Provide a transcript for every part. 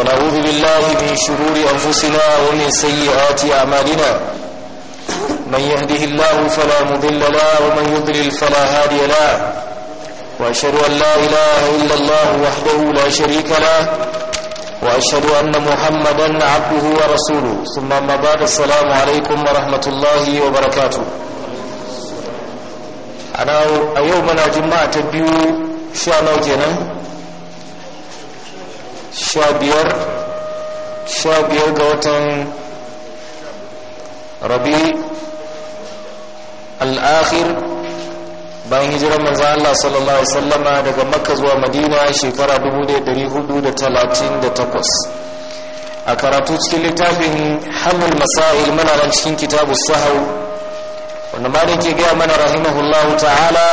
ونعوذ بالله من شرور أنفسنا ومن سيئات أعمالنا من يهده الله فلا مضل له ومن يضلل فلا هادي له وأشهد أن لا إله إلا الله وحده لا شريك له وأشهد أن محمدا عبده ورسوله ثم أما بعد السلام عليكم ورحمة الله وبركاته أنا يومنا جمعة بيو شاء الله sha biyar sha biyar ga watan rabi al'akhir bayan hijirar manzan Allah sallallahu Alaihi wasallama daga makka zuwa madina shekara 1438 a karatu cikin littafin hamul masail mana nan cikin kitabu sahau wanda ma da ke gaya mana rahimahullahu ta'ala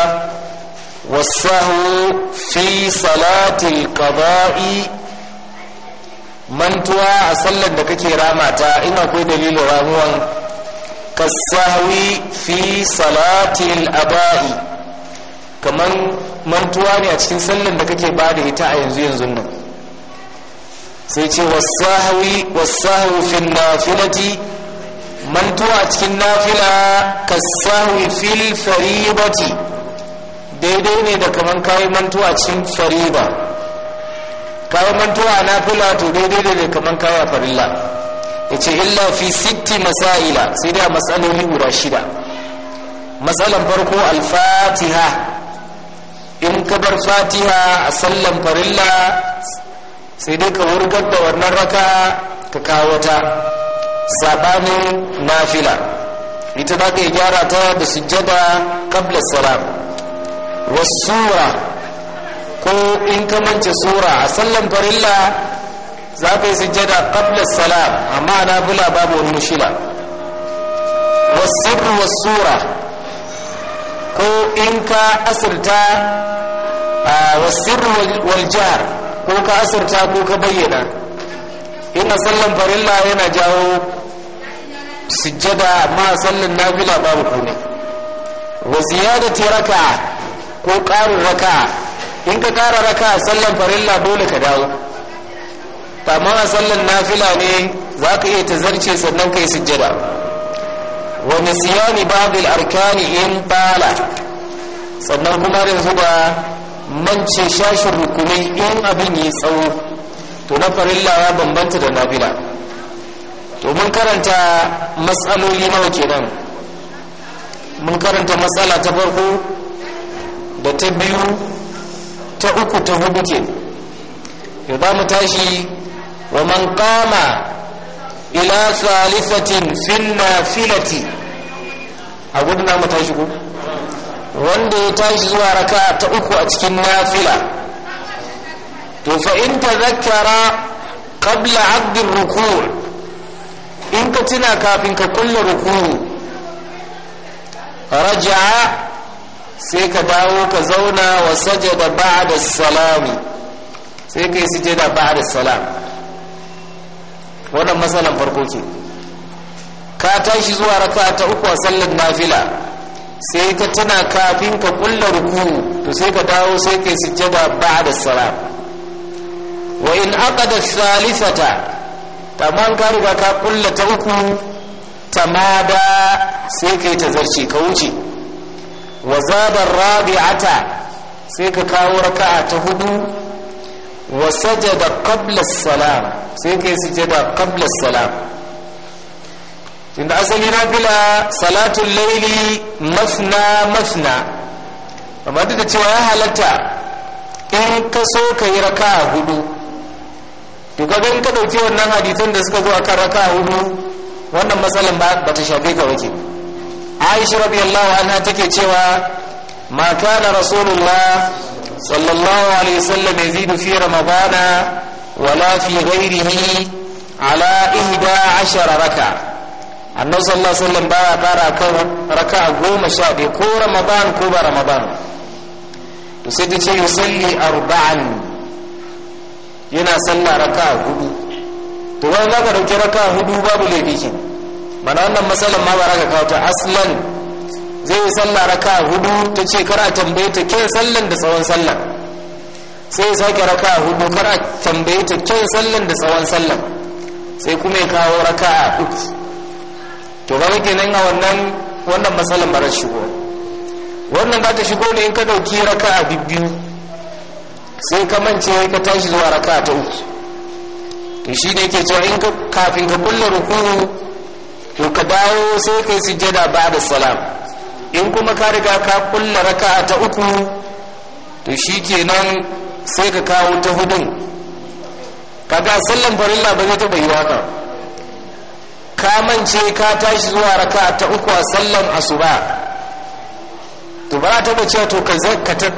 wasahu fi salatil qada'i mantuwa a sallar da kake rama ta in akwai dalilin ramuwan kasawi fi salatil aba'i kamar mantuwa ne a cikin sallar da kake ba da ita a yanzu yanzu nan sai ce wasahawi wasahawi fi nafilati mantuwa a cikin nafila kasawi fi faribati daidai ne da kamar kayi mantuwa a cikin fariba kawo mantuwa na fila to daidai da kamar kawo farilla ya ce illa fi sitti masa'ila sai da matsaloli guda shida matsalan farko alfatiha in ka bar fatiha a sallan farilla sai dai ka wurgar da wannan raka ka kawo ta saɓanin nafila ita ba ka yi gyara ta da sujjada kabla salam wasura ko in ka mance sura a sallan farilla za ka yi sujjada qabla salam amma na bula babu wani mushila wasu sura ko in ka asirta a wasu waljihar ko ka asirta ko ka bayyana ina sallan farilla yana jawo sujjada amma a sallan na bula babu kone wa ziyadati raka ko ƙarin raka. in ka kara raka a sallan farilla dole ka dawo ma a sallan nafila ne za ka iya tazarce sannan kai sujjada wa nisyani babil arkani in bala sannan kuma da zuba mance shashin rukunai in abin yi tsawo to na farilla ya bambanta da nafila to mun karanta matsaloli nawa kenan mun karanta matsala ta farko da ta biyu ta uku ta hudu ke ya za mu tashi wa man kama ila salisatin finna filati a gudu na mu tashi ku wanda ya tashi zuwa raka ta uku a cikin nafila to fa in ta zakara kabla abdin ruku in ka tuna kafin ka kulle ruku raja'a sai ka dawo ka zauna wa ba da salami sai ka yi da ba da salam wannan matsalan farko ke ka tashi zuwa raka ta uku a sallar nafila sai ka tana kafin ka kulla ruku to sai ka dawo sai ka yi da ba da salam wa in aqada thalithata tamam ka riga ka kulla ta uku tamada sai yi ta zarce ka wuce wa zabar rabi'ata sai ka kawo raka'a ta hudu wa da kabla salam sai ka yi kai da qabla salam inda asali na nafila salatun laili mafna mafna amma duk da cewa ya halatta in ka so ka yi raka'a hudu to kaga in ka dauki wannan hadisan da suka zo akan raka'a hudu wannan matsalan ba ta shafe ka wake ba aisha radiyallahu anha take cewa ma kana rasulullah sallallahu alaihi wasallam yazidu fi ramadana wala fi ghairihi ala ihda ashara raka annabi sallallahu alaihi wasallam baya kara kan raka goma sha biyu ko ramadan ko ba ramadan to sai ta ce yusalli arba'an yana sallah raka hudu to wani zaka dauki raka hudu babu laifi kenan mana wannan matsalar ma ba ka kawo ta aslan zai yi sallah raka hudu ta ce kar a tambaye ta ke sallan da tsawon sallan sai sake raka hudu kar a tambaye ta ke sallan da tsawon sallan sai kuma ya kawo raka a uku to ga muke nan a wannan wannan matsalar ba shigo wannan ba ta shigo ne in ka dauki raka a bibbiyu sai ka mance ka tashi zuwa raka ta uku to shi ne ke cewa in kafin ka kulle rukunin. to ka dawo sai kai sujjada ba da salam in kuma ka riga ka kulla raka ta uku to shi kenan sai ka kawo ta hudun kaga sallan farilla ba zai taɓa yi waka ka mance ka tashi zuwa raka ta uku a sallan asuba to ba ta bace to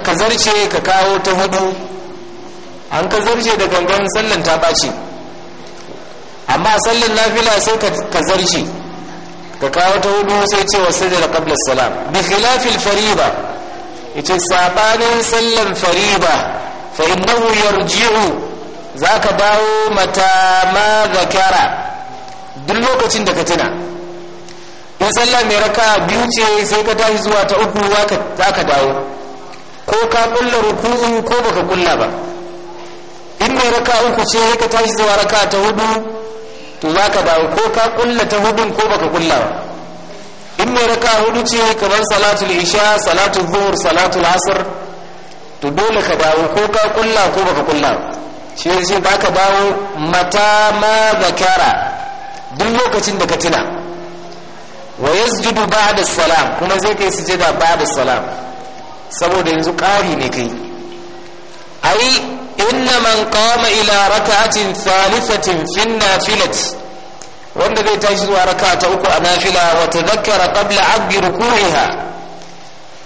ka zarce ka kawo ta hudu an ka zarce da gangan sallan ta ɓaci amma sallan lafila sai ka zarce ka kawo ta hudu sai ce wa sajada qabla salam bi khilafil fariba yace sabanin sallan fariba fa innahu yarji'u zaka dawo mata ma zakara duk lokacin da ka tuna in sallah mai raka biyu ce sai ka tashi zuwa ta uku ka dawo ko ka kulla ruku'u ko baka kulla ba in mai raka uku ce sai ka tashi zuwa raka ta hudu to za ka dawo ko ka kulla ta hudun ko baka kulla ba in mai raka hudu ce kamar salatul isha salatul zuhur salatul asr to dole ka dawo ko ka kulla ko baka kulla shi ne ba ka dawo mata ma zakara duk lokacin da ka tuna wa ba da salam kuma zai kai sujada ba'da salam saboda yanzu ƙari ne kai ai inna man qama ila raka'atin thalithatin fi nafilat wanda zai tashi zuwa raka'a ta uku a nafila wa tadhakkara qabla abdi ruku'iha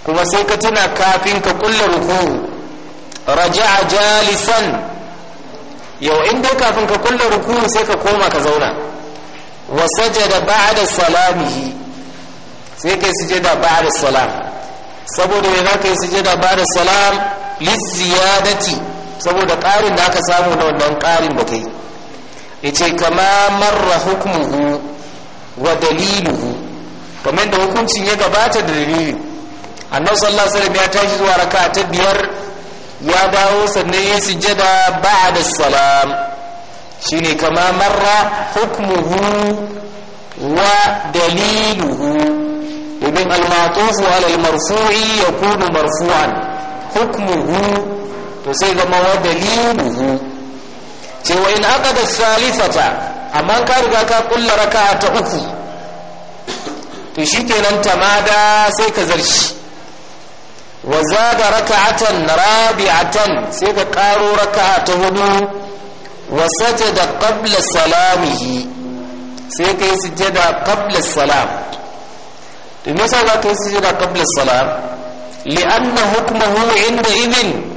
kuma sai ka tuna kafin ka kulla ruku'u raja'a jalisan yau in dai kafin ka kulla ruku'u sai ka koma ka zauna wa sajada ba'da salamihi sai kai sujada ba'da salam saboda ya yana kai sujada ba'da salam liziyadati saboda ƙarin da aka samu na wannan ƙarin da kai ce kama marra hukumuhu wa daliluhu kamar da hukuncin ya gabata da dalili annabi sallallahu alaihi wasallam ya tashi zuwa raka'a ta biyar ya dawo sannan ya sujjada da salam shine kama marra hukumuhu wa daliluhu domin al-ma'tuf ala al-marfu'i yakunu marfu'an hukmuhu to sai zama mawa daliluhu ce wa in aka da thalithata amma ka riga ka kulla raka'a ta uku to shi shikenan tamada sai ka zarshi wa zada rabi rabi'atan sai ka karo raka'a ta hudu wa sajada qabla salamihi sai ka yi sujjada qabla salam to me yasa za ka yi sujjada qabla salam li'anna hukmuhu inda idin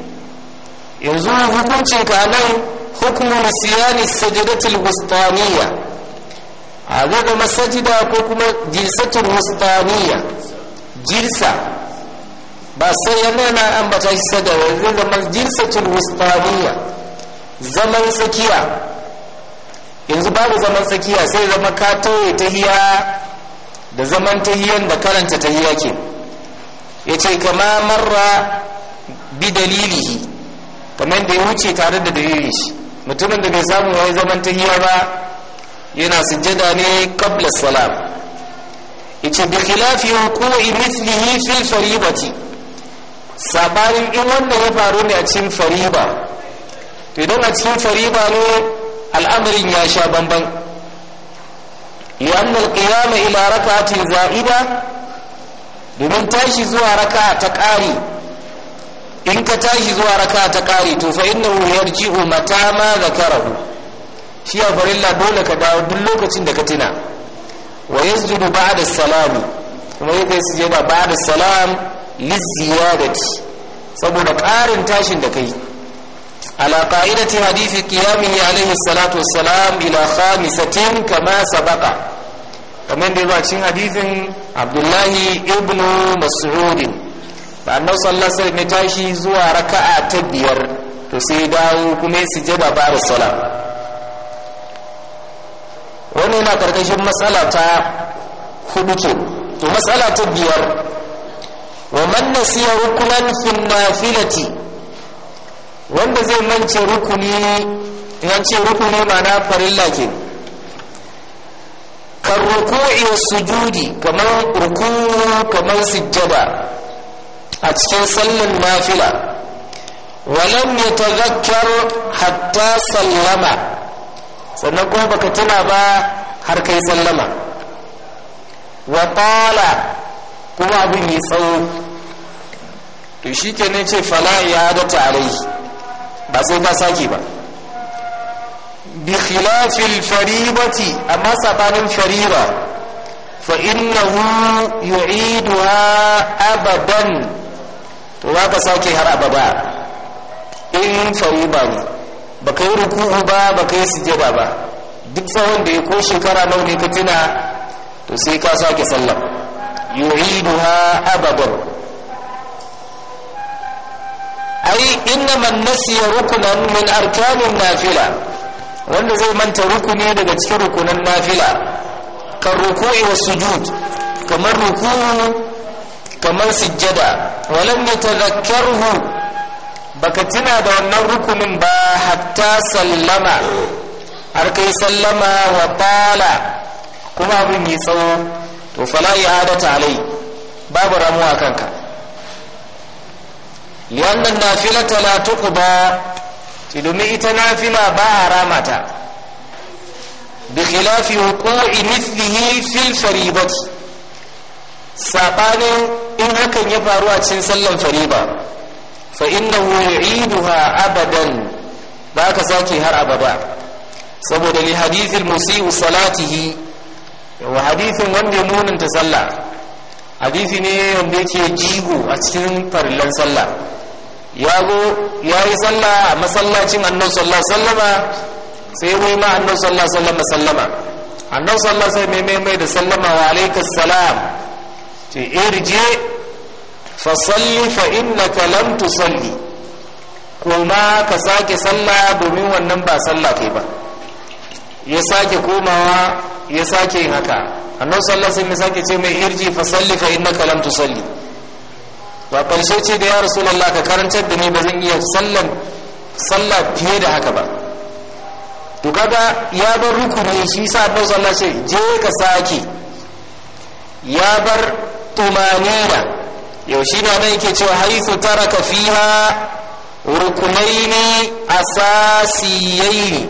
yanzu hukuncin ka nan hukumar siyani sajidatul wustaniya a gaba masajida ko kuma jilsatul wustaniya jilsa ba sai yana na ambata shi sada yanzu zaman jilsatul wustaniya zaman tsakiya yanzu babu zaman tsakiya sai zama ka tauye tahiya da zaman tahiyan da karanta hiya ke ce kama marra bi dalilihi kamar da ya wuce tare da shi mutumin da bai samu wai zaman ta tahiya ba yana sujjada ne qabla salam yace bi khilafi wuqu'i mithlihi fil faribati sabarin in wanda ya faru ne a cikin fariba to idan a cikin fariba ne al'amarin ya sha bamban li'anna al-qiyama ila rak'atin za'ida domin tashi zuwa raka'a ta ƙari in ka tashi zuwa raka ta kare to fa hu yarji'u mata ma zakarahu shi a farilla dole ka dawo duk lokacin da ka tuna wa yasjudu ba'da salam kuma yake sujada ba'da salam ziyadati saboda ƙarin tashin da kai ala qa'idati hadithi qiyamihi alayhi salatu wassalam ila khamisatin kama sabaqa kamar da ya cikin hadithin abdullahi ibnu mas'udin annabi sallallahu alaihi wasallam ya tashi zuwa raka'a ta biyar to sai dawo kuma ya sujada ba sala. wannan yana karkashin matsala ta hudu ke to matsala ta biyar wa man nasiya rukunan fil nafilati wanda zai mance rukuni yance rukuni ma'ana farilla ke kan ruku'i sujudi kamar ruku kamar sujjada a cikin sallan nafila walam ya tazakkar hatta sallama sannan kuma baka tuna ba har kai sallama wa tala kuma abin yi tsawo to shi ke ne ce fala ya da tarihi. ba sai ba sake ba bi khilafil faribati amma sabanin fariba fa innahu yu'iduha abadan ba ka sake har abada in faru ba ne ba ka yi ruku'u ba ba ka yi ba duk tsawon da ya ko shekara nau ne ka tuna to sai ka sake sallar yu'iduha ababar? ai innama nasiya rukunan min arkanin nafila wanda zai manta rukuni daga cikin rukunan nafila kan ruku'i wa sujud kamar ruku'u kamar sujjada walam yatadhakkaruhu baka tuna da wannan rukunin ba hatta sallama har kai sallama wa tala kuma abin yi tsawo to fala i'adata alai babu ramuwa kanka lianna nafilata la tuqda ti ita nafila ba a ramata bi khilafi wuqu'i mithlihi fil faribati sabanin in hakan ya faru a cikin sallan fariba fa innahu yu'iduha abadan ba ka sake har abada saboda li hadithil musiu salatihi wa hadithin wanda munin ta sallah hadithi ne wanda yake jigo a cikin farillan sallah ya zo yi sallah a masallacin annabi sallallahu sallama sai wai ma annabi sallallahu sallama sallama annabi sallallahu sai mai mai da sallama wa alaikas salam ce eh, irje fasalli fa innaka lam tusalli kuma ka sake sallah domin wannan ba sallah kai ba ya sake komawa ya sake yin haka annon sallallahu sai mai sake ce mai irji fasalli fa innaka lam tusalli ba karshe ce da ya rasu rasulullah ka karantar da ne ba zan iya sallan sallah fiye da haka ba to kaga ya bar rukuni shi sa annabi sallallahu ce je ka sake ya bar tumanina yaushe ne wanda yake cewa haifu taraka fiha rukunaini asasiyaini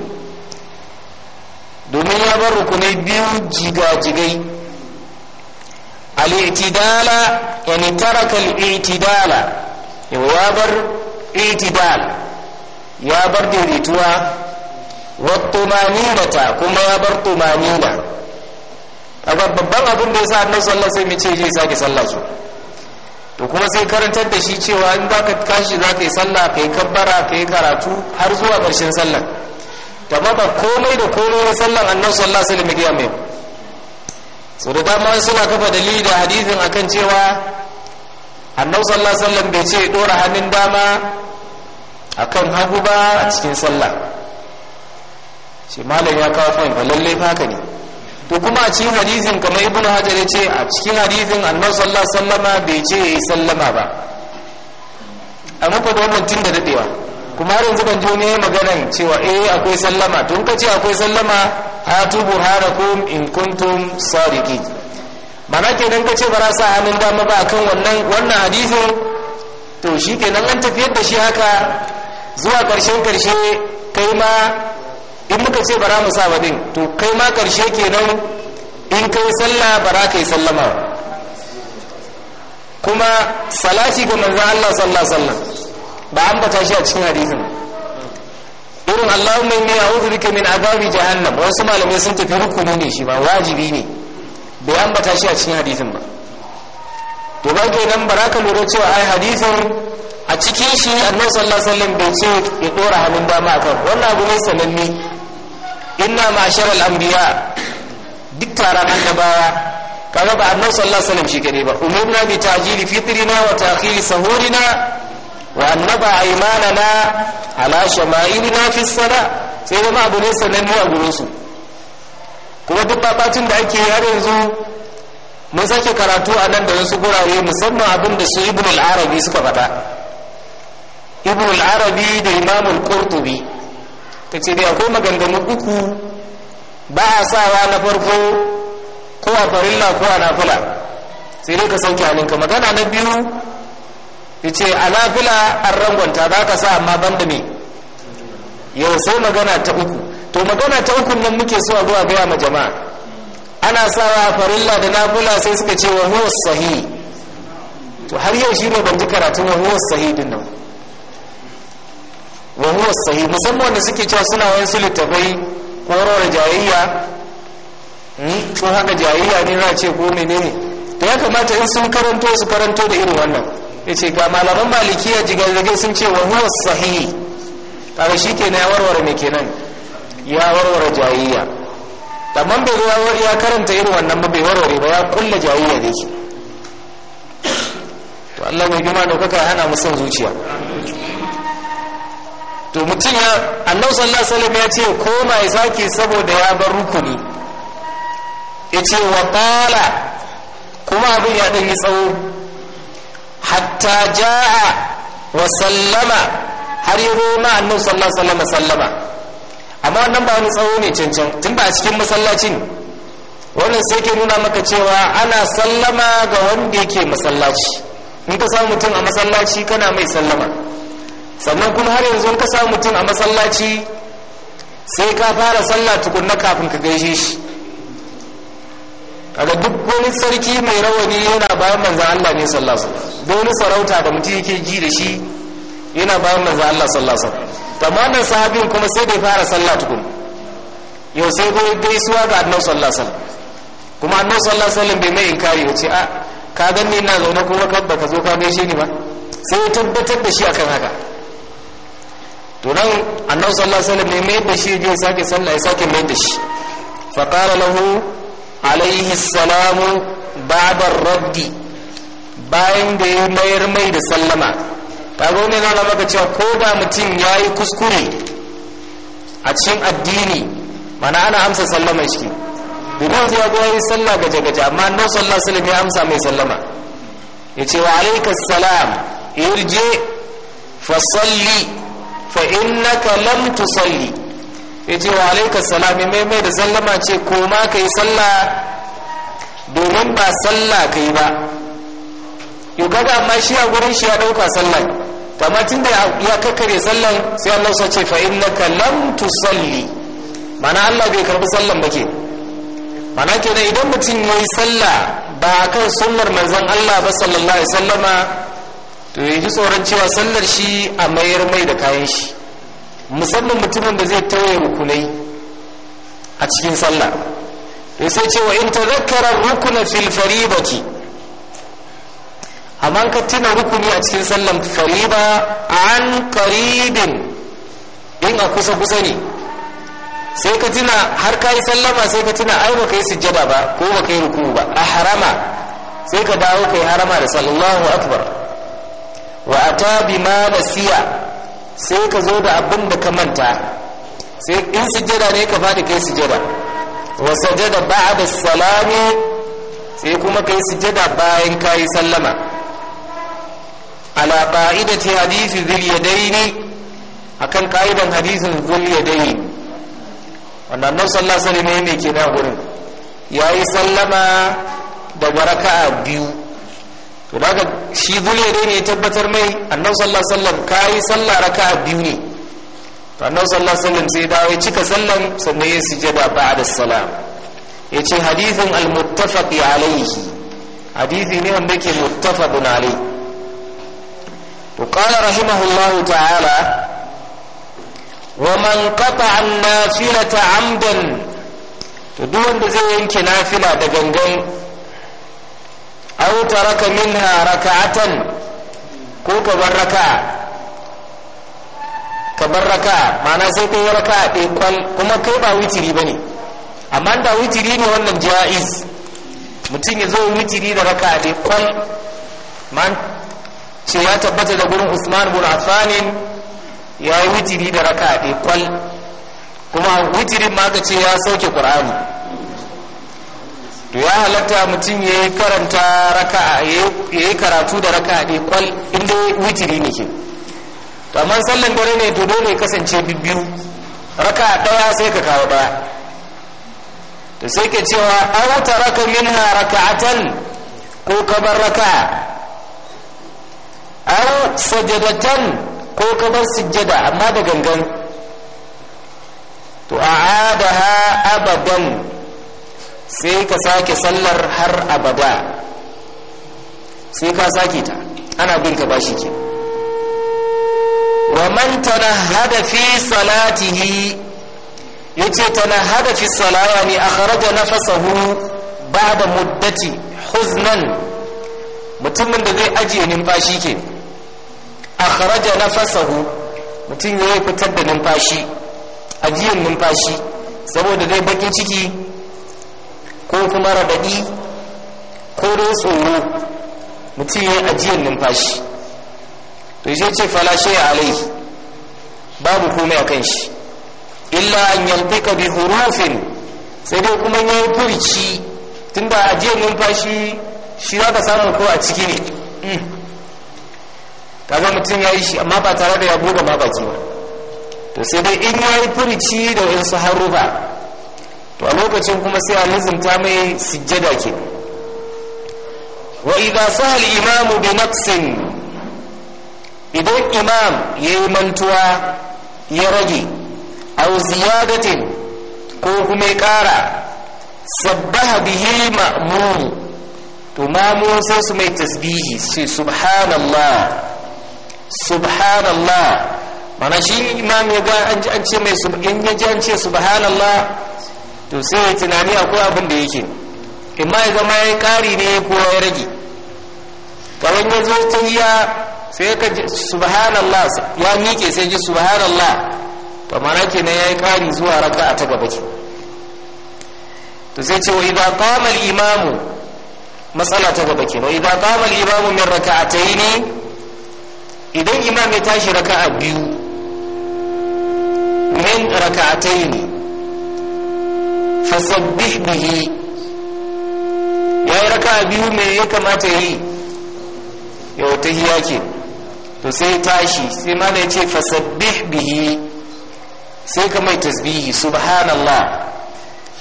domin ya bar rukunai biyu jigajigai al'itidala yani taraka al'itidala ya bar itidal ya bar daidaituwa wa ta kuma ya bar tumanina kaga babban abin da sa annan sallallahu sai wasallam ce je sake sallah su to kuma sai karantar da shi cewa in kashi za ka yi sallah yi kabbara yi karatu har zuwa ƙarshen sallah ta ba komai da komai na sallan annabi sallallahu alaihi wasallam ya mai so da dama suna kafa dalili da hadisin akan cewa annan sallallahu alaihi bai ce ɗora hannun dama akan hagu ba a cikin sallah shi malam ya kawo fahimta lallai haka ne to kuma a cikin hadisin kamar ibn hajar ya ce a cikin hadisin annabi sallallahu alaihi wasallama bai ce yayi sallama ba muku da wannan tun da dadewa kuma har yanzu ban ji ne maganan cewa eh akwai sallama tun ka ce akwai sallama hatu burhanakum in kuntum sadiqin mana kenan ka ce ba za sa hannun dama ba akan wannan wannan hadisin to shikenan an tafiyar da shi haka zuwa karshen karshe kai ma in muka ce bara mu sa ba din to kai ma karshe kenan in kai sallah bara kai sallama kuma salati ga manzo Allah sallallahu alaihi wasallam ba an bata shi a cikin hadisin irin Allahumma inni a'udhu bika min adhabi jahannam wasu malamai sun tafi rukuni ne shi ba wajibi ne bai an bata shi a cikin hadisin ba to ba ke nan bara ka lura cewa ai hadisin a cikin shi annabi sallallahu alaihi wasallam bai ce ya dora hannun dama akan wannan abu ne sananne inna ma'ashar al'ambiya duk taron annabawa kaga ba annabi sallallahu alaihi wasallam shi ne ba umurna bi ta'jili fitrina wa ta'khiri sahurina wa annaba aymanana ala shama'ilina fi sada sai kuma abu ne sanan mu a gurin su kuma duk babatun da ake yi har yanzu mun sake karatu a nan da wasu gurare musamman abin da su ibn al-arabi suka faɗa ibn arabi da imam al ta ce dai akwai maganganu uku ba a sawa na farko ko a farilla ko a nafila sai dai ka sauke hannunka magana na biyu ta ce a nafila an rangwanta za ka sa amma ban da me yau sai magana ta uku to magana ta uku nan muke so a zuwa gaya ma jama'a ana sawa a farilla da nafila sai suka ce wa huwa sahi to har yau shi ne ban ji karatun wa huwa sahi din nan wa huwa sahi musamman wanda suke cewa suna wayansu littafai ko rawar jayayya ko haka jayayya ne na ce ko menene to ya kamata in sun karanto su karanto da irin wannan ya ce ga malaman malikiya jigajigai sun ce wa huwa sahih kaga shi kenan ya warware ne kenan ya warware jayayya amma bai ya karanta irin wannan ba bai warware ba ya kulla jayayya da to Allah mai gima daukaka hana mu son zuciya to mutum ya annabi sallallahu alaihi wasallam ya ce koma ya sake saboda ya bar rukuni ya ce wa qala kuma abin ya dan yi tsawo hatta jaa wa sallama har yi ma annabi sallallahu alaihi wasallam amma wannan ba wani tsawo ne cancan tun ba a cikin masallacin wannan sai ke nuna maka cewa ana sallama ga wanda yake masallaci in ka samu mutum a masallaci kana mai sallama sannan kuma har yanzu ka samu mutum a masallaci sai ka fara sallah tukunna kafin ka gaishe shi kaga duk wani sarki mai rawani yana bayan manzo Allah ne sallallahu alaihi wasallam duk wani sarauta da mutum yake ji da shi yana bayan manzo Allah sallallahu alaihi wasallam manan sahabin kuma sai bai fara sallah tukun yau sai ko gaisuwa ga annabi sallallahu alaihi wasallam kuma annabi sallallahu alaihi wasallam bai mai inkari ya ce a ka ganni ina zaune kuma kan ka zo ka gaishe ni ba sai ya tabbatar da shi akan haka to nan annabi sallallahu alaihi wasallam ne mai da shi je sake sallah ya sake mai da shi fa qala lahu alaihi salamu ba'da raddi bayan da ya mayar mai da sallama kaga ne na maka cewa ko da mutum yayi kuskure a cikin addini mana ana amsa sallama shi bukun ya zo yi sallah gaje gaje amma annabi sallallahu alaihi wasallam ya amsa mai sallama yace wa alaikas salam irje fa salli fa innaka lam tusalli yace wa alayka salam mai mai da sallama ce ko ma kai sallah domin ba sallah kai ba yau kaga amma shi a gurin shi ya dauka sallah amma tun da ya kakkare sallan sai Allah sa ce fa innaka lam tusalli mana Allah bai karbi sallan ba ke mana kenan idan mutum yayi sallah ba akan sunnar manzon Allah ba sallallahu alaihi wasallama to yi ji tsoron cewa sallar shi a mayar mai da kayan shi musamman mutumin da zai tauye rukunai a cikin sallah to sai cewa in ta zakara rukuna fil faribati amma ka tuna rukuni a cikin sallan fariba an karibin in a kusa kusa ne sai ka tuna har ka yi sallama sai ka tuna ai baka yi sujjada ba ko baka yi ruku ba a harama sai ka dawo ka yi harama da sallallahu akbar wa ata ma nasiya sai ka zo da abin da ka manta sai in sujjada ne ka fadi kai sujjada wa sajada ba'da salami sai kuma kai sujjada bayan kai sallama ala qa'idati hadisi zil yadaini akan ka'idan hadisin zil yadaini wannan nabi sallallahu alaihi wasallam ne kenan gurin yayi sallama da baraka biyu to daga shi zulere ne tabbatar mai annabi sallallahu alaihi wasallam kai sallah raka'a biyu ne to annabi sallallahu alaihi sai dawo ya cika sallan sannan ya sujada ba'da salam ce hadithin al-muttafaq alayhi hadithi ne wanda yake muttafaqun alayhi to qala rahimahullahu ta'ala wa ومن قطع النافلة amdan to duk wanda zai yanke nafila da gangan aw taraka minha raka'atan ko ka bar raka'a ka bar raka'a ma'ana sai kai raka a kwal kuma kai ba witiri ne amma da witiri ne wannan jaiz mutum ya zo witiri da raka a kwal man ce ya tabbata da gurin Usman bin Affan ya yi witiri da raka a kwal kuma witirin ma ka ce ya sauke Qur'ani to ya halatta mutum ya yi karanta raka'a ya yi karatu da raka ɗaya kwal inda witiri ne ke to amma sallan dare ne to dole kasance biyu raka'a ɗaya sai ka kawo ɗaya to sai ka cewa an wata raka min minha raka'atan ko kabar raka'a aw sajadatan ko kabar sujjada amma da gangan to a'adaha abadan sai ka sake sallar har abada sai ka sake ta ana bin ka bashi ke wa man tanahada fi salatihi yace tanahada fi salawa ne akhraja ba ba'da muddati huznan mutumin da zai ajiye numfashi ke akhraja nafasahu mutum ya fitar da numfashi ajiyar numfashi saboda dai bakin ciki ko kuma raɗaɗi ko dai tsoro mutum ya ajiyar numfashi to shi ce falashe a alai babu komai a kan shi illa an yalbika bi hurufin sai dai kuma ya yi furci tun da ajiyar numfashi shi za ka samu ko a ciki ne hmm. kaga mutum ya yi shi amma ba tare da ya buga ma baki ba to sai dai in ya yi furci da wasu harufa to a lokacin kuma sai a lizinta mai sujjada ke wa idza sahal imamu bi naqsin idan imam yayi mantuwa ya rage aw ziyadatin ko kuma ya kara sabbaha bihi ma'mum to mamu sai su mai tasbihi sai subhanallah subhanallah mana shi imam ya ga an ce mai subhanallah to sai ya tunani akwai abin da yake imma ya zama ya kari ne ko ya rage kamar ya zo tahiya sai ka ji subhanallah ya miƙe sai ji subhanallah to mana na ya yi kari zuwa a ta gaba ke to sai ce wa idza kamar imamu matsala ta gaba ke wa idza kamar imamu min ne idan imam ya tashi a biyu min ne. fasabbih bihi yayi raka biyu me ya kamata yi wata hiya ke to sai tashi sai da ya ce fasabbih bihi sai ka mai tasbihi subhanallah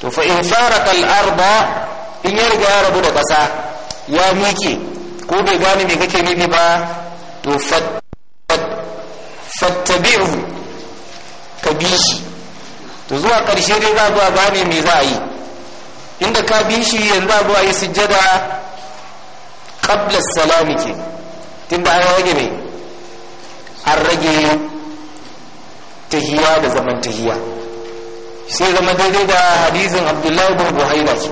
to fa in faraka al-arda in ya riga ya rabu da kasa ya miƙe ko bai gane me kake nufi ba to fattabi'hu ka bi shi to zuwa ƙarshe dai za zuwa gane me za a yi inda ka bi shi yanzu a zuwa yi sujjada ƙablas salami ke da an rage mai an rage tahiya da zaman tahiya sai zama daidai da hadizin abdullahi bin buhaina ce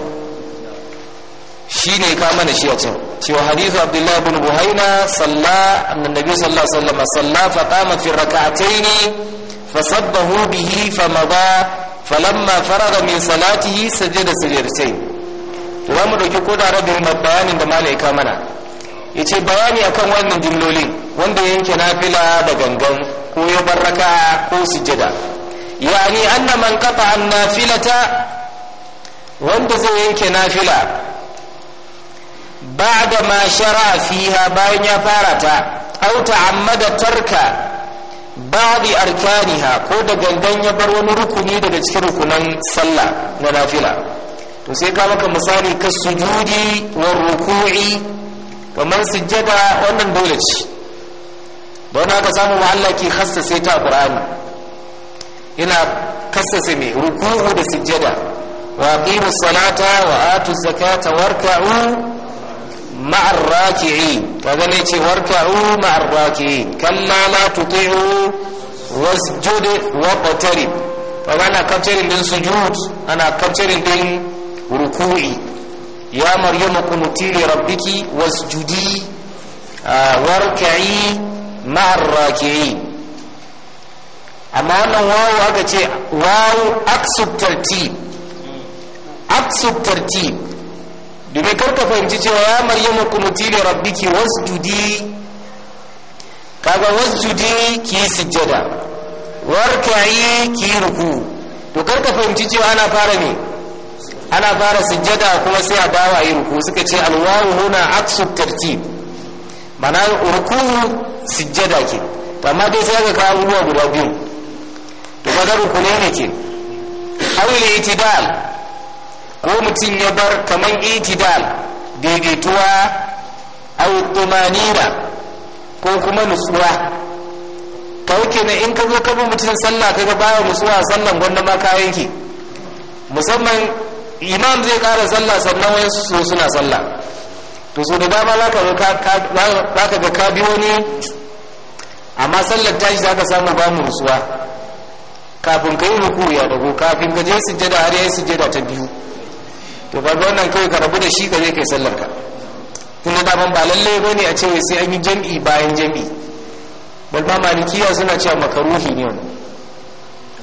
shi ne ka mana shi a can cewa hadizin abdullahi bin buhaina salla annabi sallallahu alaihi wasallam salla fa qama fi rak'ataini فصبه به فمضى فلما فرغ من صلاته سجد سجدتين za mu ɗauki ko da rabin bayanin da malaika mana ya ce bayani akan wannan jimlolin wanda ya yanke nafila da gangan ko ya barraka ko sujada yani anna man kafa an nafilata wanda zai yanke nafila ba da ma shara fiha bayan ya fara ta au ta'ammada tarka ba'di arkaniha ko da gangan ya bar wani rukuni daga cikin rukunan sallah na nafila to sai ka maka misali ka sujudi wa ruku'i kamar sujjada wannan dole ce don haka samu wa Allah ke ta Qur'ani yana kassase mai ruku'u da sujjada wa aqimus salata wa atu zakata warka'u ma'ar raki'in ne ce warka'u kalla la tuti'u wasjud ana capturing din sujud ana capturing din ruku'i ya maryamu qunuti li rabbiki wasjudi warka'i ma'ar amma wannan domin karka fahimci cewa ya maryama rabbi li wasu judi kaga judi ki yi sujjada warka'i ki yi ruku to karka fahimci cewa ana fara ne ana fara sujjada kuma sai a dawa yi ruku suka ce alwawu huna aksu tartib mana ruku sujjada ke to amma dai sai ga ka abubuwa guda biyu to da ruku ne ke awil itidal ko mutum ya bar kamar itidal daidaituwa audumanina ko kuma nutsuwa kawai na in ka zo ka bi mutum sallah ka ga bayan nutsuwa sallan gwanda ma kayan ki musamman imam zai kara sallah sannan wani su suna sallah to so da dama za ka ga ka bi wani amma sallar tashi za ka samu ba mu nutsuwa kafin ka yi ruku ya dago kafin ka je sujjada har ya yi sujjada ta biyu to ga wannan kawai ka rabu da shi ka je kai sallar ka kuma ban ba lalle ba ne a ce sai an yi jam'i bayan jam'i bal ba malikiya suna cewa makaruhi ne wannan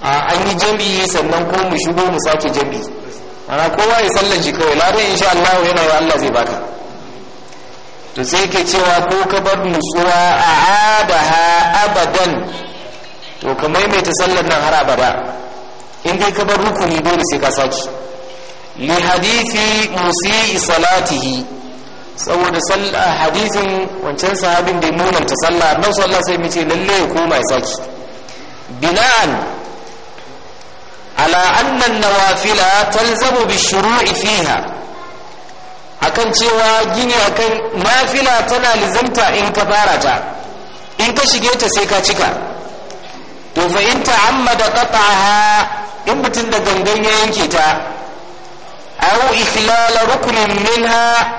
a an yi jam'i sannan ko mu shigo mu sake jam'i ana kowa ya sallar shi kawai ladan insha Allah yana wa Allah zai baka to sai ke cewa ko ka bar nutsuwa a abaha abadan to ka maimaita sallar nan har abada in dai ka bar rukuni dole sai ka saki li hadithi musi salatihi saboda hadithin wancan sahabin da munanta sallah annabi sallallahu alaihi wasallam ce lalle ya koma ya saki bina'an ala anna an-nawafila talzamu bi shuru'i fiha akan cewa gini akan nafila tana lizanta in ka fara ta in ka shige ta sai ka cika to fa in ta'ammada qata'aha in mutun da gangan ya yanke ta aw ikhlal ruknin minha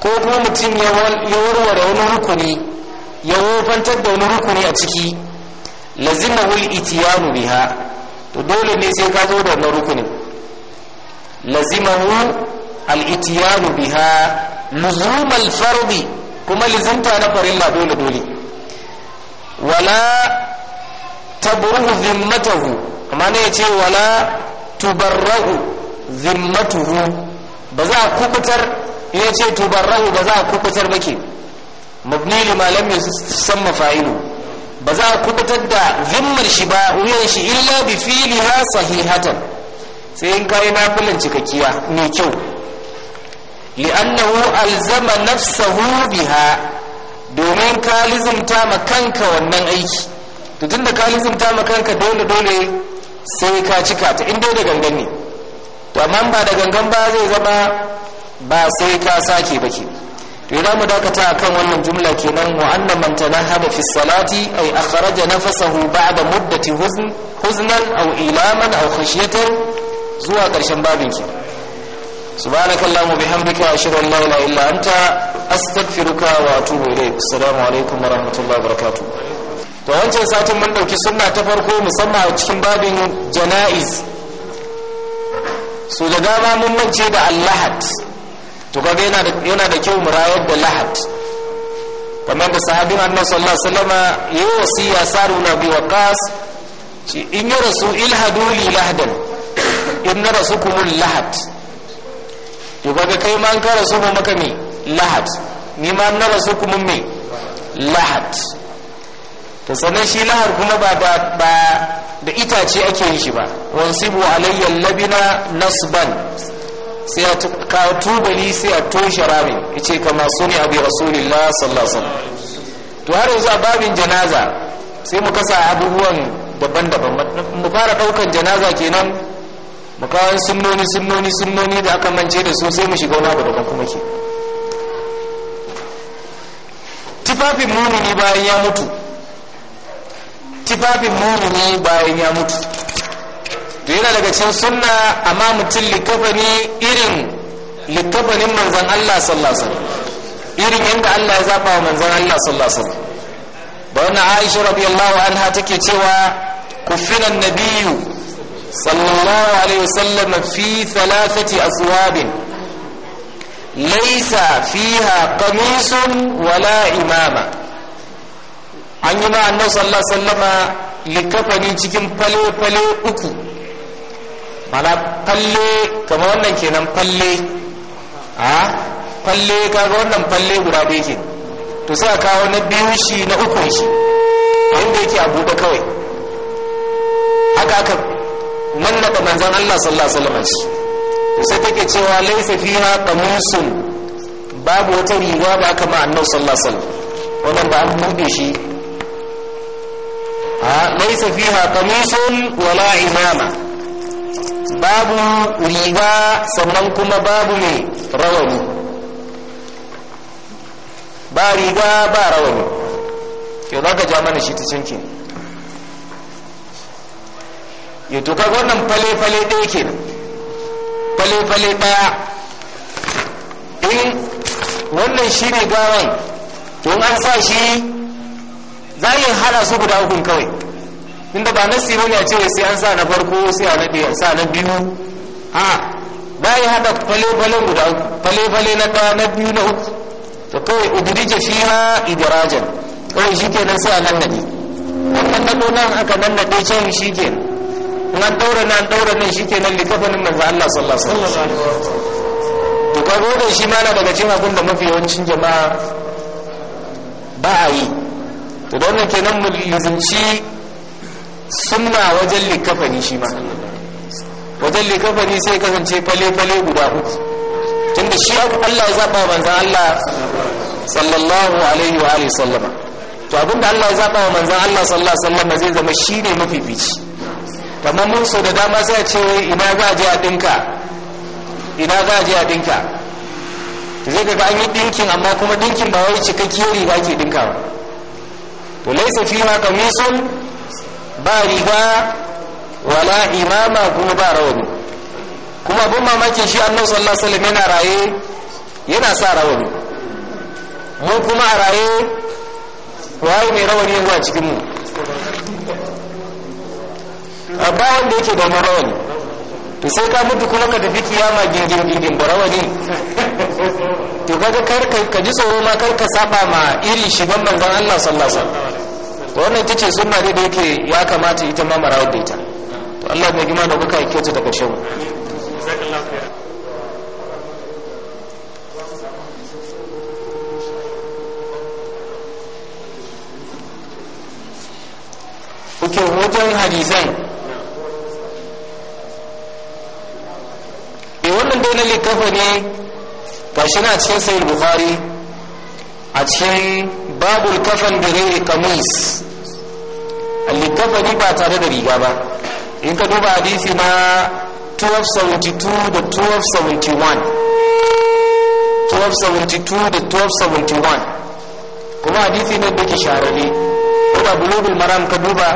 ko kuma mutum ya warware wani rukuni ya wofantar da wani rukuni a ciki lazima lazimahul itiyanu biha to dole ne sai ka zo da wannan rukunin lazimahu al-itiyanu biha luzum al kuma lizinta na farilla dole dole wala tabruhu zimmatahu amma ne ce wala tubarrahu zimmatuhu ba za a kubutar ya ce rahu ba za a kubutar ba ke mabni lima lam san mafa'ilu ba za a kubutar da zimmar shi ba wuyan shi illa bi ha sahihatan sai in kai na bulan cikakkiya mai kyau li'annahu alzama nafsahu biha domin ka ta ma kanka wannan aiki to tunda ka ta ma kanka dole dole sai ka cika ta inda da gangan ne to amma ba da gangan ba zai zama ba sai ka sake ba ke to idan mu dakata akan wannan jumla kenan wa annam man tanahaba fi salati ay akhraja nafasahu ba'da muddati huzn huznan aw ilaman aw khashyatan zuwa karshen babin ki subhanakallahumma bihamdika ashhadu an la ilaha illa anta astaghfiruka wa atubu ilayk assalamu alaikum wa rahmatullahi wa barakatuh to wancan satin mun dauki sunna ta farko musamman a cikin babin janaiz su da dama mun mance da allahat to kaga yana da kyau murayar da lahat kamar da sahabin annabi sallallahu alaihi wasallam yayi wasiya saru na bi waqas ci in ya rasu ilhadu li lahdan in na rasu kumul lahat to kaga kai ma an ka rasu mu maka me lahat ni ma na rasu kumun me lahat ta sannan shi lahar kuma ba da ba da itace ake yin shi ba wansibu alayya labina nasban sai a kawo tubali sai a toshe ramin ice kama suni abu rasulillah sallallahu alaihi wasallam to har yanzu a babin janaza sai mu kasa abubuwan daban-daban mu fara daukan janaza kenan mu kawo sunnoni sunnoni sunnoni da aka mance da su sai mu shiga wani abu daban kuma ke tufafin mumini bayan ya mutu tufafin mumini bayan ya mutu to yana daga cikin sunna amma mutum likafani irin likafanin manzan Allah sallallahu alaihi wasallam irin yadda Allah ya zaba wa manzan Allah sallallahu alaihi wasallam ba wannan Aisha radiyallahu anha take cewa kufina nabiyyu sallallahu alaihi wasallam fi thalathati aswabin laysa fiha qamisun wala imama an yi ma annabi sallallahu sallama likafani cikin fale-fale uku mana falle kamar wannan kenan falle a falle kaga wannan falle guda ɗaya ke to sai a kawo na biyu shi na ukun shi inda yake a buɗe kawai haka aka da manzan Allah sallallahu alaihi wasallam shi to sai take cewa laysa fiha qamusun babu wata riga ba aka annan annabi sallallahu alaihi wasallam wannan ba an buɗe shi laisa fiha qamisun wala imama babu riga sannan kuma babu mai rawani ba riga ba rawani yau za ka ja mana shi ta canke yau to wannan fale-fale ɗaya ke fale-fale ɗaya in wannan shi ne gawan to an sa shi za mu hada su guda ukun kawai inda ba na siyo bane a ce sai an sa na farko sai an naɗe sa na biyu a bayan hada fale-fale guda uku fale-fale na ɗaya na biyu na uku to kawai ubudije fiha idirajan kawai shi kenan sai a nan naɗe wannan naɗo nan aka nan naɗe can shi kenan nan daura nan ɗaura nan shi kenan likafanin manzo Allah sallallahu alaihi wasallam to kaga wannan shi ma na daga cikin abin da mafi yawancin jama'a ba a yi to da wannan kenan mulizanci sunna wajen likafani shi ma wajen likafani sai kasance fale-fale guda uku tunda shi Allah ya zaba manzan Allah sallallahu alaihi wa alihi sallama to abinda Allah ya zaba manzan Allah sallallahu alaihi sallama zai zama shi ne mafifici kamar mun so da dama sai ce ina za a je a dinka ina za a je a dinka zai ga an yi dinkin amma kuma dinkin ba wai cikakkiyar riga ke dinkawa وليس فيها قميص ba ولا إماما كما بارون كما بما ما كشي أنه صلى الله عليه وسلم ينا رأي ينا سارون مو كما رأي وهي من رون ينوى جكمو أبا wanda yake da marawani to sai ka mutu kuma ka tafi kiyama gingin gingin rawani to kaga kar ka ji tsoro ma kar ka saba ma irin shigan manzon Allah sallallahu wannan ita ce sunna ne da yake ya kamata ita ma marawar da ita to Allah mai gima da kuka ta daga shehu kuke wajen hadizai e wannan dai na littafa ne na cikin sayar bukhari a cikin babu kafan da gairi kamus ni ba tare da riga ba in ka duba hadisi na 1272 da 1271 1272 da 1271 kuma hadisi ne da ke shararre ko da bulugul maram ka duba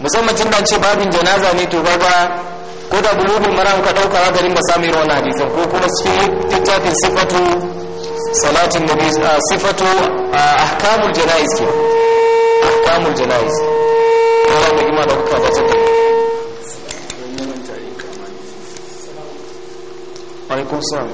musamman tun ce babin janaza ne to ba ko da bulubul maram ka dauka za ka ringa samun irin wannan hadisan ko kuma cikin tattafin sifatu salatin nabi sifatu ahkamul ke ahkamul da ima da kuka bata kai alaikum salam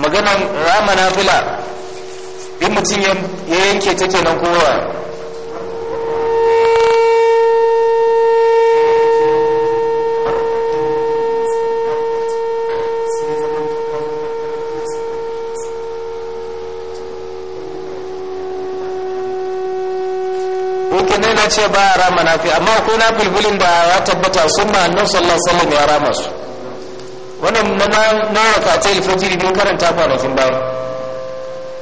maganan ramana nafila in mutum ya yanke ta kenan kowa ce ba a rama nafi amma ko na bulbulin da ya tabbata sun ma annabi sallallahu alaihi ya rama su wannan na na rakatai alfajiri mun karanta kwanakin baya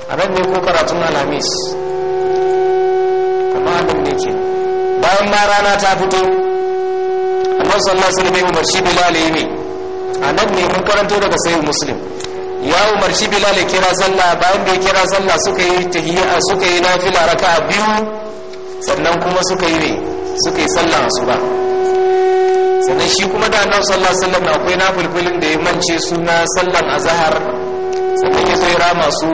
a nan ne ko karatun alamis kuma abin ne ke bayan ma rana ta fito amma sallah sun bai umarci bilal yi ne a nan ne mun karanto daga sayi muslim ya umarci bilal ya kira sallah bayan da ya kira sallah suka yi tahiyya suka yi nafila raka'a biyu sannan kuma suka yi ne suka yi sallah ba sannan shi kuma da annabi sallallahu alaihi wasallam akwai nafilfilin da ya mance suna sallan azhar sannan ya zo ya rama su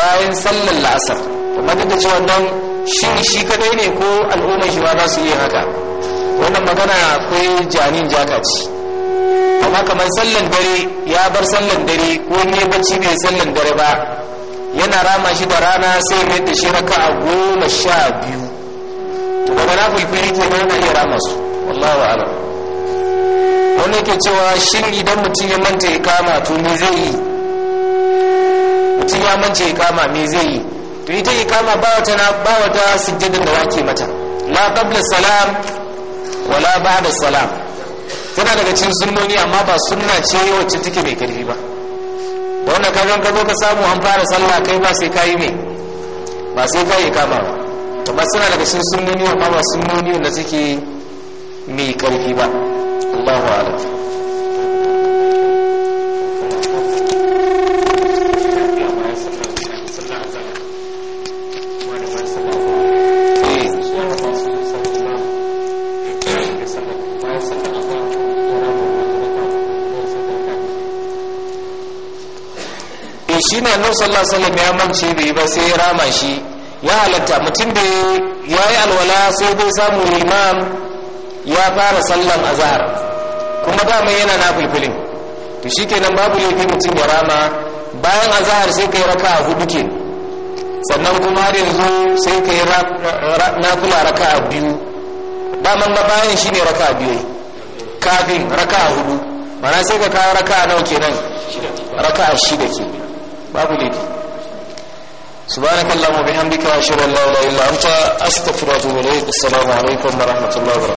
bayan sallar la'asar kuma duk da cewa don shi shi kadai ne ko al'ummar shi ma za su yi haka wannan magana akwai janin jaka ce amma kamar sallan dare ya bar sallan dare ko ne bacci bai sallan dare ba yana rama shi da rana sai mai da shi raka a goma sha biyu to daga na fulfili ke na iya rama su wallahu alam wani ke cewa shin idan mutum ya manta ya kama to zai yi mutum ya mance ikama me zai yi to ita ikama ba wata ba wata sujjadin da wake mata la qabla salam wala ba'da salam tana daga cikin sunnoni amma ba sunna ce wacce take mai karfi ba wannan kagan ka zo ka samu an fara sallah kai ba sai kayi me ba sai kayi ikama ba ba suna daga cikin sunnoni amma ba sunnoni da suke mai karfi ba Allahu a'lam annabi sallallahu alaihi wasallam ya mance bai ba sai ya rama shi ya halatta mutum da ya yi alwala sai bai samu imam ya fara sallan azhar kuma mai yana na fulfulin to shikenan babu laifi mutum ya rama bayan azhar sai kai raka hudu ke sannan kuma har yanzu sai kai nafila raka biyu daman ba bayan shine raka biyu kafin raka hudu mana sai ka kawo raka nawa kenan raka shida ke بابلين سبحانك اللهم وبحمدك واشهد ان لا اله الا انت استغفرك واتوب اليك السلام عليكم ورحمه الله وبركاته